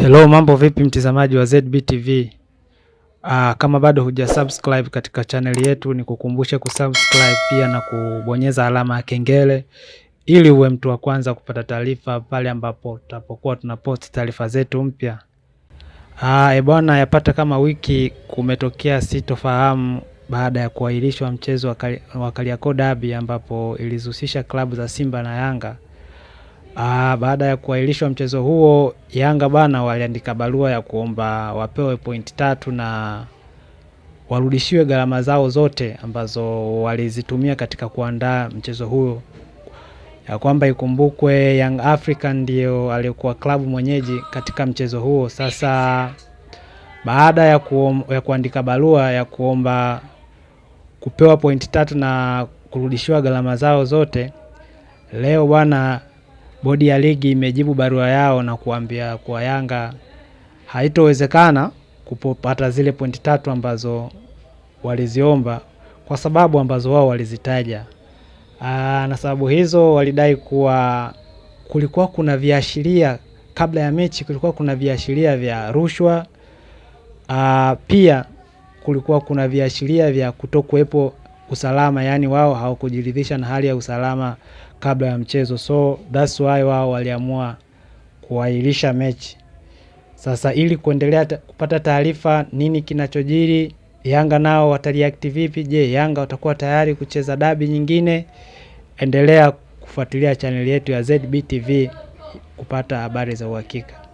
Hello, mambo vipi mtizamaji wa ZB TV. Aa, ah, kama bado huja subscribe katika chaneli yetu ni kukumbusha kusubscribe pia na kubonyeza alama ya kengele ili uwe mtu wa kwanza kupata taarifa pale ambapo tutapokuwa tunapost taarifa zetu mpya. Ah, e bwana yapata kama wiki kumetokea sitofahamu baada ya kuahirishwa mchezo wa Kariakoo Derby ambapo ilizihusisha klabu za Simba na Yanga. Ah, baada ya kuahirishwa mchezo huo Yanga bana waliandika barua ya kuomba wapewe pointi tatu na warudishiwe gharama zao zote ambazo walizitumia katika kuandaa mchezo huo, ya kwamba ikumbukwe Young Africa ndio aliyokuwa klabu mwenyeji katika mchezo huo. Sasa baada ya, kuom, ya kuandika barua ya kuomba kupewa pointi tatu na kurudishiwa gharama zao zote, leo bwana bodi ya ligi imejibu barua yao na kuambia kuwa Yanga haitowezekana kupata zile pointi tatu ambazo waliziomba kwa sababu ambazo wao walizitaja. Aa, na sababu hizo walidai kuwa kulikuwa kuna viashiria kabla ya mechi, kulikuwa kuna viashiria vya rushwa. Aa, pia kulikuwa kuna viashiria vya kutokuwepo usalama, yaani wao hawakujiridhisha na hali ya usalama kabla ya mchezo, so that's why wao waliamua kuahirisha mechi. Sasa ili kuendelea kupata taarifa nini kinachojiri, Yanga nao watariact vipi? Je, Yanga watakuwa tayari kucheza dabi nyingine? Endelea kufuatilia chaneli yetu ya zbtv kupata habari za uhakika.